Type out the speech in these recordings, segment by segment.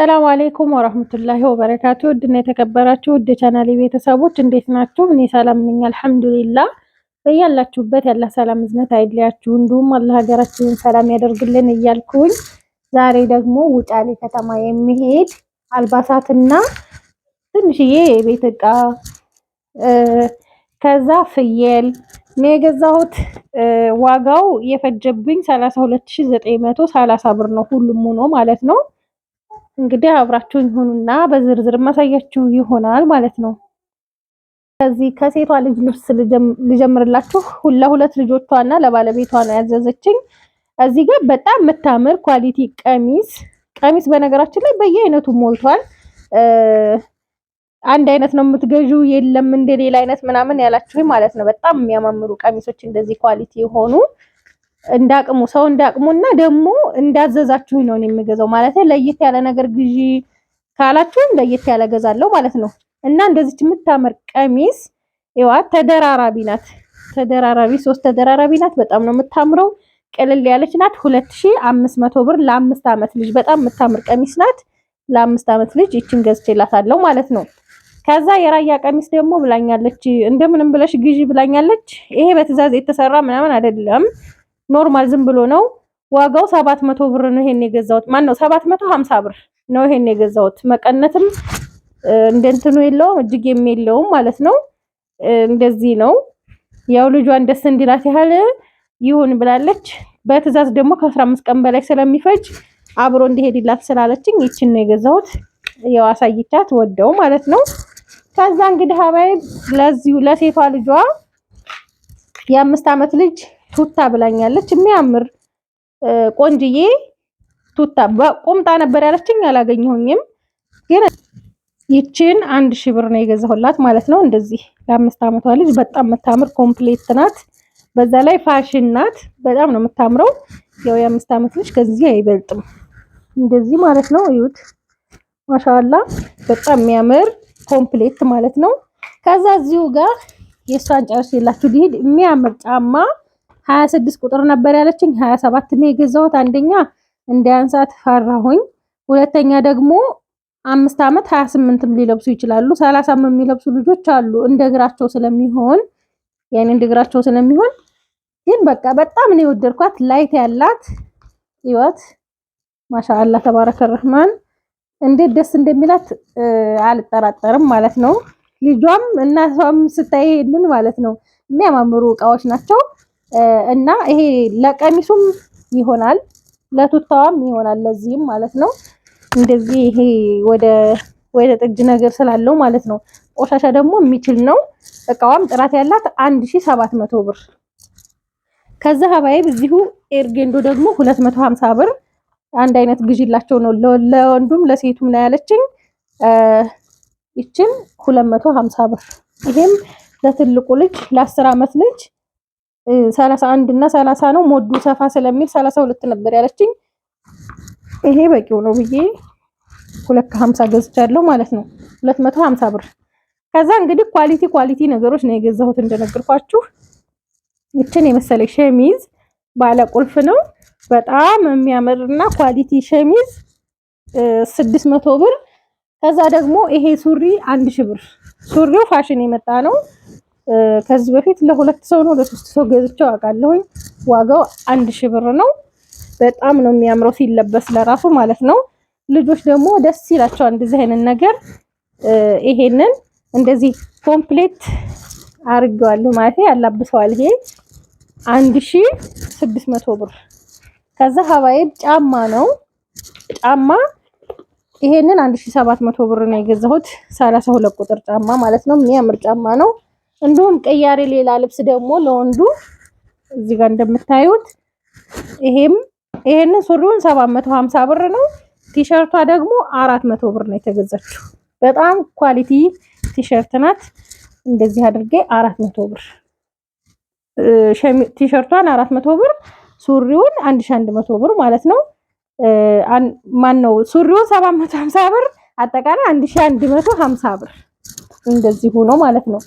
ሰላም አሌይኩም ወራህመቱላሂ ወበረካቱ። ውድና የተከበራችሁ ውድ ቻናሌ ቤተሰቦች እንዴት ናችሁ? እኔ ሰላም ነኝ አልሐምዱሊላህ። በያላችሁበት ያለ ሰላም እዝነት አይለያችሁ፣ እንዲሁም አላህ ሀገራችንን ሰላም ያደርግልን እያልኩኝ ዛሬ ደግሞ ውጫሌ ከተማ የሚሄድ አልባሳትና ትንሽዬ የቤት እቃ ከዛ ፍየል እኔ የገዛሁት። ዋጋው የፈጀብኝ 32930 ብር ነው ሁሉም ሆኖ ማለት ነው እንግዲህ አብራችሁ ይሁኑና በዝርዝር ማሳያችሁ ይሆናል ማለት ነው። ከዚህ ከሴቷ ልጅ ልብስ ልጀምርላችሁ። ለሁለት ልጆቿና ለባለቤቷ ነው ያዘዘችኝ። እዚህ ጋር በጣም የምታምር ኳሊቲ ቀሚስ ቀሚስ በነገራችን ላይ በየአይነቱ ሞልቷል። አንድ አይነት ነው የምትገዡ የለም እንደሌላ አይነት ምናምን ያላችሁ ማለት ነው። በጣም የሚያማምሩ ቀሚሶች እንደዚህ ኳሊቲ የሆኑ እንዳቅሙ ሰው እና ደግሞ እንዳዘዛችሁኝ ነው የሚገዛው ማለት ለየት ያለ ነገር ግዢ ካላችሁም ለየት ያለ ገዛለው ማለት ነው። እና እንደዚች የምታምር ቀሚስ ይዋ ተደራራቢ ናት። ተደራራቢ ሶስት ተደራራቢ ናት። በጣም ነው የምታምረው። ቅልል ያለች ናት። 2500 ብር ለአምስት ዓመት ልጅ በጣም የምታምር ቀሚስ ናት። ለአምስት ዓመት ልጅ ይችን ገዝቼላታለሁ ማለት ነው። ከዛ የራያ ቀሚስ ደግሞ ብላኛለች፣ እንደምንም ብለሽ ግዢ ብላኛለች። ይሄ በትዕዛዝ የተሰራ ምናምን አይደለም ኖርማል ዝም ብሎ ነው ዋጋው ሰባት መቶ ብር ነው። ይሄን የገዛሁት ማን ነው ሰባት መቶ ብር ነው ይሄን የገዛሁት። መቀነትም እንደንትኑ የለውም እጅጌም የለውም ማለት ነው። እንደዚህ ነው ያው ልጇን ደስ እንዲላት ያህል ይሁን ብላለች። በትዕዛዝ ደግሞ ከአስራ አምስት ቀን በላይ ስለሚፈጅ አብሮ እንዲሄድላት ስላለችኝ ይችን ነው የገዛሁት። ያው አሳይቻት ወደው ማለት ነው። ከዛ እንግዲህ ሀባይ ለዚሁ ለሴቷ ልጇ የአምስት ዓመት ልጅ ቱታ ብላኛለች። የሚያምር ቆንጅዬ ቱታ ቁምጣ ነበር ያለችኝ፣ አላገኘሁኝም። ግን ይችን አንድ ሺህ ብር ነው የገዛሁላት ማለት ነው። እንደዚህ ለአምስት ዓመቷ ልጅ በጣም የምታምር ኮምፕሌት ናት። በዛ ላይ ፋሽን ናት። በጣም ነው የምታምረው። ያው የአምስት ዓመት ልጅ ከዚህ አይበልጥም። እንደዚህ ማለት ነው። እዩት፣ ማሻላ በጣም የሚያምር ኮምፕሌት ማለት ነው። ከዛ እዚሁ ጋር የእሷን ጨርሼላችሁ ሊሄድ የሚያምር ጫማ ሀያ ስድስት ቁጥር ነበር ያለችኝ ሀያ ሰባት ነው የገዛሁት። አንደኛ እንዳያንሳት ፈራሁኝ፣ ሁለተኛ ደግሞ አምስት ዓመት ሀያ ስምንትም ሊለብሱ ይችላሉ። ሰላሳም የሚለብሱ ልጆች አሉ እንደ እግራቸው ስለሚሆን ያኔ እንደ እግራቸው ስለሚሆን ግን በቃ በጣም ነው የወደድኳት። ላይት ያላት ህይወት ማሻአላ ተባረከ ረህማን እንዴት ደስ እንደሚላት አልጠራጠርም ማለት ነው። ልጇም እናቷም ስታይ ይሄንን ማለት ነው የሚያማምሩ እቃዎች ናቸው። እና ይሄ ለቀሚሱም ይሆናል ለቱታዋም ይሆናል ለዚህም ማለት ነው። እንደዚህ ይሄ ወደ ወደ ጥጅ ነገር ስላለው ማለት ነው። ቆሻሻ ደግሞ የሚችል ነው። እቃዋም ጥራት ያላት 1700 ብር። ከዛ ሀባይ እዚሁ ኤርጌንዶ ደግሞ 250 ብር አንድ አይነት ግዢላቸው ነው ለወንዱም ለሴቱም ነው ያለችኝ። ይችን 250 ብር። ይሄም ለትልቁ ልጅ ለ10 ልጅ ሰላሳ አንድ እና ሰላሳ ነው ሞዱ ሰፋ ስለሚል ሰላሳ ሁለት ነበር ያለችኝ። ይሄ በቂው ነው ብዬ ሁለት ከሀምሳ ገዝቻለሁ ማለት ነው። ሁለት መቶ ሀምሳ ብር። ከዛ እንግዲህ ኳሊቲ ኳሊቲ ነገሮች ነው የገዛሁት እንደነገርኳችሁ። ይችን የመሰለ ሸሚዝ ባለ ቁልፍ ነው በጣም የሚያምርና ኳሊቲ ሸሚዝ ስድስት መቶ ብር። ከዛ ደግሞ ይሄ ሱሪ አንድ ሺህ ብር። ሱሪው ፋሽን የመጣ ነው። ከዚህ በፊት ለሁለት ሰው ነው ለሶስት ሰው ገዝቼው አውቃለሁኝ። ዋጋው አንድ ሺህ ብር ነው። በጣም ነው የሚያምረው ሲለበስ ለራሱ ማለት ነው። ልጆች ደግሞ ደስ ይላቸዋል እንደዚህ አይነት ነገር። ይሄንን እንደዚህ ኮምፕሌት አድርጌዋለሁ ማለት ያላብሰዋል። ይሄ አንድ ሺህ ስድስት መቶ ብር። ከዛ ሀባይብ ጫማ ነው ጫማ ይሄንን አንድ ሺህ ሰባት መቶ ብር ነው የገዛሁት። ሰላሳ ሁለት ቁጥር ጫማ ማለት ነው። የሚያምር ጫማ ነው። እንዲሁም ቀያሪ ሌላ ልብስ ደግሞ ለወንዱ እዚህ ጋር እንደምታዩት ይሄም ይሄንን ሱሪውን 750 ብር ነው። ቲሸርቷ ደግሞ 400 ብር ነው የተገዛችው። በጣም ኳሊቲ ቲሸርት ናት። እንደዚህ አድርጌ 400 ብር ቲሸርቷን 400 ብር ሱሪውን 1100 ብር ማለት ነው። ማን ነው ሱሪውን 750 ብር አጠቃላይ 1150 ብር እንደዚህ ሆኖ ማለት ነው።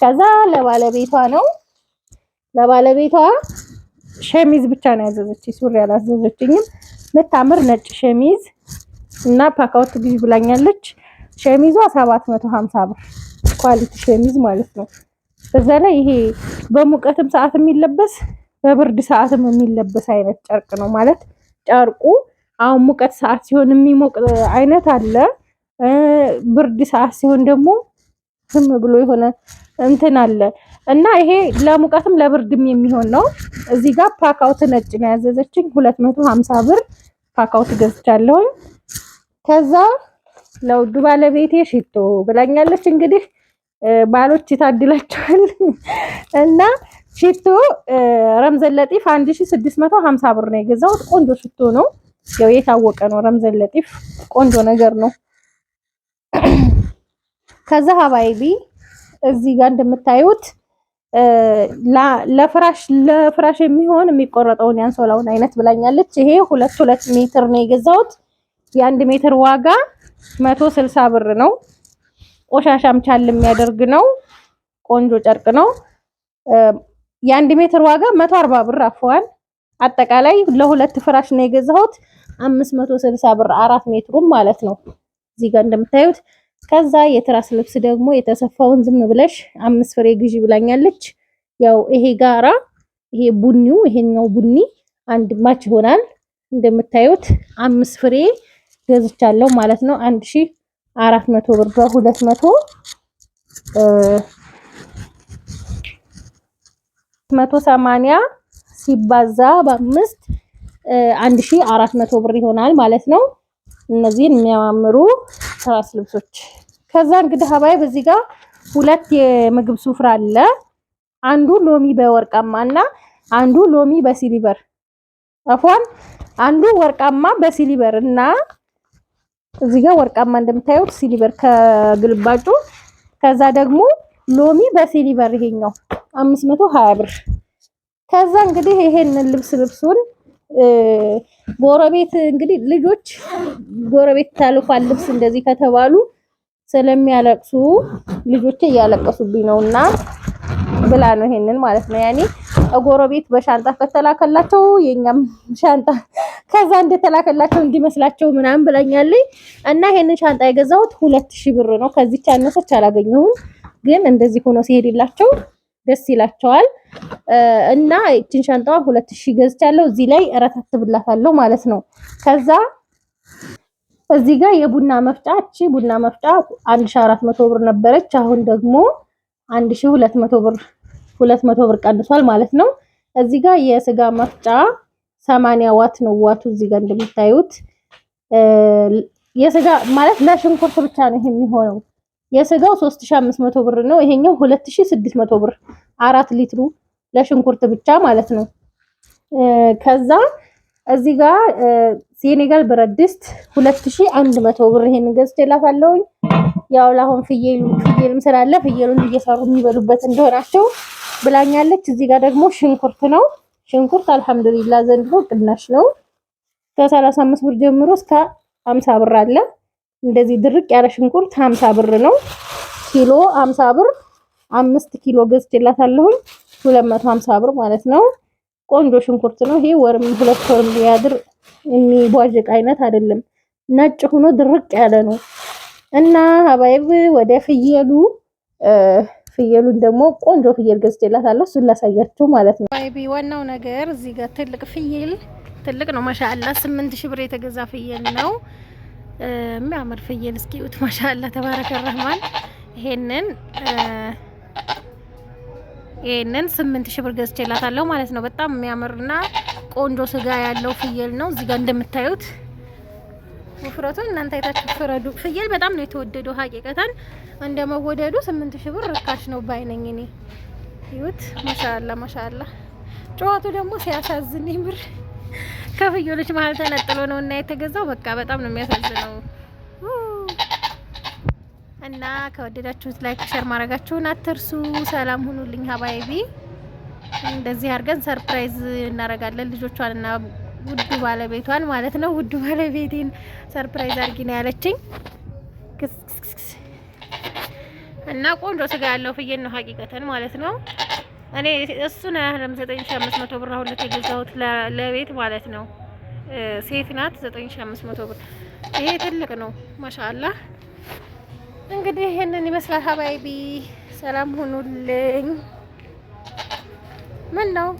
ከዛ ለባለቤቷ ነው ለባለቤቷ ሸሚዝ ብቻ ነው ያዘዘች፣ ሱሪ አላዘዘችኝም። ምታምር ነጭ ሸሚዝ እና ፓካውት ግዢ ብላኛለች። ሸሚዟ 750 ብር ኳሊቲ ሸሚዝ ማለት ነው። በዛ ላይ ይሄ በሙቀትም ሰዓት የሚለበስ በብርድ ሰዓትም የሚለበስ አይነት ጨርቅ ነው ማለት ጨርቁ አሁን ሙቀት ሰዓት ሲሆን የሚሞቅ አይነት አለ። ብርድ ሰዓት ሲሆን ደግሞ ዝም ብሎ የሆነ እንትን አለ እና ይሄ ለሙቀትም ለብርድም የሚሆን ነው። እዚህ ጋር ፓካውት ነጭ ነው ያዘዘችኝ። ሁለት መቶ ሀምሳ ብር ፓካውት ገዝቻለሁኝ። ከዛ ለውዱ ባለቤቴ ሽቶ ብላኛለች። እንግዲህ ባሎች ይታድላቸዋል እና ሽቶ ረምዘን ለጢፍ ሀምሳ ብር ነው የገዛሁት። ቆንጆ ሽቶ ነው፣ ያው የታወቀ ነው። ረምዘን ለጢፍ ቆንጆ ነገር ነው። ከዛ ሀባይቢ እዚህ ጋር እንደምታዩት ለፍራሽ ለፍራሽ የሚሆን የሚቆረጠውን ያንሶላውን አይነት ብላኛለች። ይሄ ሁለት ሁለት ሜትር ነው የገዛሁት። የአንድ ሜትር ዋጋ መቶ ስልሳ ብር ነው። ቆሻሻም ቻል የሚያደርግ ነው። ቆንጆ ጨርቅ ነው። የአንድ ሜትር ዋጋ መቶ አርባ ብር አፈዋል። አጠቃላይ ለሁለት ፍራሽ ነው የገዛሁት አምስት መቶ ስልሳ ብር አራት ሜትሩም ማለት ነው። እዚህ ጋር እንደምታዩት ከዛ የትራስ ልብስ ደግሞ የተሰፋውን ዝም ብለሽ አምስት ፍሬ ግዢ ብላኛለች። ያው ይሄ ጋራ ይሄ ቡኒው ይሄኛው ቡኒ አንድ ማች ይሆናል። እንደምታዩት አምስት ፍሬ ገዝቻለሁ ማለት ነው። አንድ ሺ አራት መቶ ብር በሁለት መቶ መቶ ሰማንያ ሲባዛ በአምስት አንድ ሺ አራት መቶ ብር ይሆናል ማለት ነው። እነዚህን የሚያማምሩ ትራስ ልብሶች። ከዛ እንግዲህ ሀባይ በዚህ ጋር ሁለት የምግብ ሱፍራ አለ። አንዱ ሎሚ በወርቃማ እና አንዱ ሎሚ በሲሊቨር አፏን አንዱ ወርቃማ በሲሊቨር እና እዚህ ጋር ወርቃማ እንደምታዩት ሲሊቨር ከግልባጩ ከዛ ደግሞ ሎሚ በሲሊቨር ይሄኛው 520 ብር። ከዛ እንግዲህ ይሄንን ልብስ ልብሱን ጎረቤት እንግዲህ ልጆች ጎረቤት ታልኳል ልብስ እንደዚህ ከተባሉ ስለሚያለቅሱ ልጆች እያለቀሱብኝ ነውና ብላ ነው ይሄንን ማለት ነው። ያኔ ጎረቤት በሻንጣ ከተላከላቸው የኛም ሻንጣ ከዛ እንደተላከላቸው እንዲመስላቸው ምናምን ብለኛለኝ እና ይሄንን ሻንጣ የገዛሁት ሁለት ሺህ ብር ነው። ከዚች አነሰች አላገኘሁም። ግን እንደዚህ ሆኖ ሲሄድላቸው ደስ ይላቸዋል። እና እችን ሻንጣዋ ሁለት ሺህ ገዝቻለሁ። እዚህ ላይ እረታትብላታለሁ ማለት ነው። ከዛ እዚህ ጋር የቡና መፍጫ እቺ ቡና መፍጫ 1400 ብር ነበረች። አሁን ደግሞ 1200 ብር 200 ብር ቀንሷል ማለት ነው። እዚህ ጋር የስጋ መፍጫ 80 ዋት ነው። ዋቱ እዚህ ጋር እንደምታዩት የስጋ ማለት ለሽንኩርት ብቻ ነው የሚሆነው የስጋው 3500 ብር ነው። ይሄኛው 2600 ብር አራት ሊትሩ ለሽንኩርት ብቻ ማለት ነው። ከዛ እዚህ ጋር ሴኔጋል ብረት ድስት 2100 ብር ይሄን ገዝቼላታለሁ። ያው ለአሁን ፍየል ፍየልም ስላለ ፍየሉን እየሰሩ የሚበሉበት እንደሆናቸው ብላኛለች። እዚህ ጋር ደግሞ ሽንኩርት ነው። ሽንኩርት አልሐምዱሊላ ዘንድሮ ቅናሽ ነው። ከ35 ብር ጀምሮ እስከ 50 ብር አለ። እንደዚህ ድርቅ ያለ ሽንኩርት 50 ብር ነው። ኪሎ 50 ብር፣ 5 ኪሎ ገዝቼላታለሁኝ 250 ብር ማለት ነው። ቆንጆ ሽንኩርት ነው ይሄ። ወርም ሁለት ወርም ሊያድር የሚቧዥቅ አይነት አይደለም። ነጭ ሆኖ ድርቅ ያለ ነው እና ሀባይብ ወደ ፍየሉ ፍየሉን ደግሞ ቆንጆ ፍየል ገዝቼላታለሁ። እሱን ላሳያችሁ ማለት ነው። ሀባይቢ ዋናው ነገር እዚህ ጋር ትልቅ ፍየል ትልቅ ነው ማሻአላ። 8000 ብር የተገዛ ፍየል ነው የሚያምር ፍየል እስኪ ዩት ማሻላ ተባረከ ረህማን። ይሄንን ይሄንን ስምንት ሺህ ብር ገዝቼላታለሁ ማለት ነው። በጣም የሚያምርና ቆንጆ ስጋ ያለው ፍየል ነው። እዚህ ጋር እንደምታዩት ውፍረቱን እናንተ አይታችሁ ፍረዱ። ፍየል በጣም ነው የተወደደው። ሀቂቀተን እንደ መወደዱ ስምንት ሺህ ብር ርካሽ ነው ባይነኝ እኔ ይሁት። ማሻአላ ማሻአላ። ጨዋቱ ደግሞ ሲያሳዝን ይምር ከፍየሎች መሀል ተነጥሎ ነው እና የተገዛው። በቃ በጣም ነው የሚያሳዝነው። እና ከወደዳችሁት ላይክ፣ ሸር ማድረጋችሁን አትርሱ። ሰላም ሁኑልኝ ሀባይቢ። እንደዚህ አድርገን ሰርፕራይዝ እናደርጋለን ልጆቿን እና ውዱ ባለቤቷን ማለት ነው። ውዱ ባለቤቴን ሰርፕራይዝ አድርጊ ነው ያለችኝ። እና ቆንጆ ስጋ ያለው ፍየል ነው ሀቂቀተን ማለት ነው። እኔ እሱን ያህልም 9500 ብር አሁን ለተገዛሁት ለቤት ማለት ነው። ሴት ናት 9500 ብር። ይሄ ትልቅ ነው። ማሻአላህ እንግዲህ ይሄንን ይመስላል። ሀባይቢ ሰላም ሁኑልኝ። ምን ነው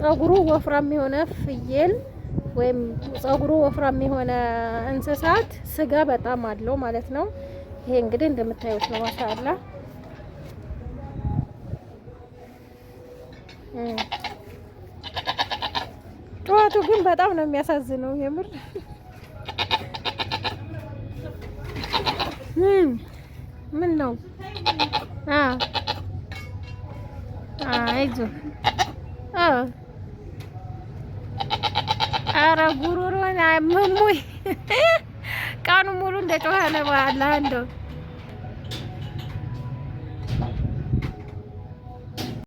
ጸጉሩ ወፍራም የሆነ ፍየል ወይም ጸጉሩ ወፍራም የሆነ እንስሳት ስጋ በጣም አለው ማለት ነው። ይሄ እንግዲህ እንደምታዩት ነው። ማሻአላ ጨዋቱ ግን በጣም ነው የሚያሳዝነው የምር ምን ነው አይዞህ ኧረ ጉሮሮን ሙይ ቀኑ ሙሉ እንደ ጮኸ ነው። በኋላ እንደው